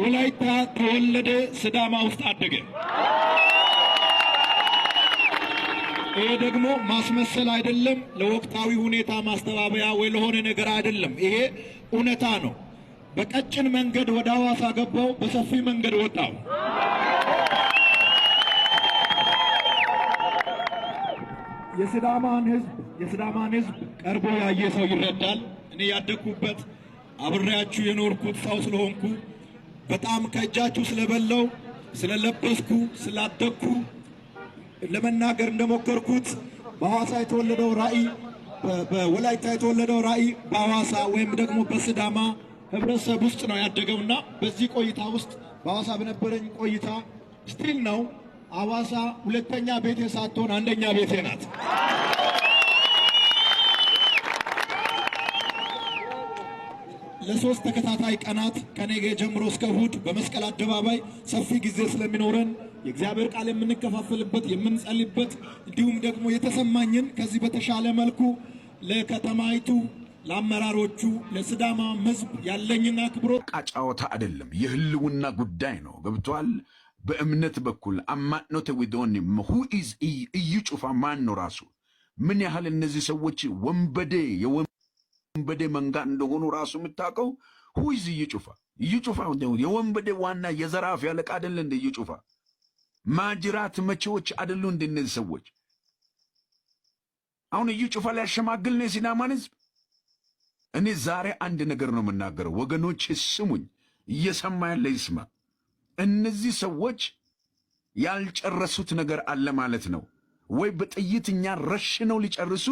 ወላይታ ተወለደ፣ ስዳማ ውስጥ አደገ። ይሄ ደግሞ ማስመሰል አይደለም፣ ለወቅታዊ ሁኔታ ማስተባበያ ወይ ለሆነ ነገር አይደለም። ይሄ እውነታ ነው። በቀጭን መንገድ ወደ ሐዋሳ ገባው፣ በሰፊ መንገድ ወጣው። የስዳማን ህዝብ የስዳማን ህዝብ ቀርቦ ያየ ሰው ይረዳል። እኔ ያደግኩበት አብሬያችሁ የኖርኩት ሰው ስለሆንኩ በጣም ከእጃችሁ ስለበላው፣ ስለለበስኩ፣ ስላደግኩ ለመናገር እንደሞከርኩት በሐዋሳ የተወለደው ራእይ በወላይታ የተወለደው ራእይ በሐዋሳ ወይም ደግሞ በስዳማ ህብረተሰብ ውስጥ ነው ያደገውና በዚህ ቆይታ ውስጥ በሐዋሳ በነበረኝ ቆይታ ስቲል ነው ሐዋሳ ሁለተኛ ቤቴ ሳትሆን አንደኛ ቤቴ ናት። ለሶስት ተከታታይ ቀናት ከነገ ጀምሮ እስከ እሁድ በመስቀል አደባባይ ሰፊ ጊዜ ስለሚኖረን የእግዚአብሔር ቃል የምንከፋፈልበት የምንጸልይበት፣ እንዲሁም ደግሞ የተሰማኝን ከዚህ በተሻለ መልኩ ለከተማይቱ ለአመራሮቹ ለስዳማ ሕዝብ ያለኝና ክብሮ ዕቃ ጨዋታ አይደለም፣ የህልውና ጉዳይ ነው። ገብቷል። በእምነት በኩል አማኖተ ዊዶኒ ሁ ኢዝ እዩ ጩፋ ማን ነው ራሱ ምን ያህል እነዚህ ሰዎች ወንበዴ የወ ወንበዴ መንጋ እንደሆኑ ራሱ የምታውቀው ሁይዝ እየጩፋ እየጩፋ የወንበዴ ዋና የዘራፍ ያለቃ አደለ እንደ እየጩፋ ማጅራት መቼዎች አደሉ እንደ እነዚህ ሰዎች። አሁን እየጩፋ ሊያሸማግል ነው የሲዳማን ህዝብ። እኔ ዛሬ አንድ ነገር ነው የምናገረው ወገኖች፣ ስሙኝ። እየሰማ ያለ ይስማ። እነዚህ ሰዎች ያልጨረሱት ነገር አለ ማለት ነው። ወይ በጥይት እኛ ረሽነው ሊጨርሱ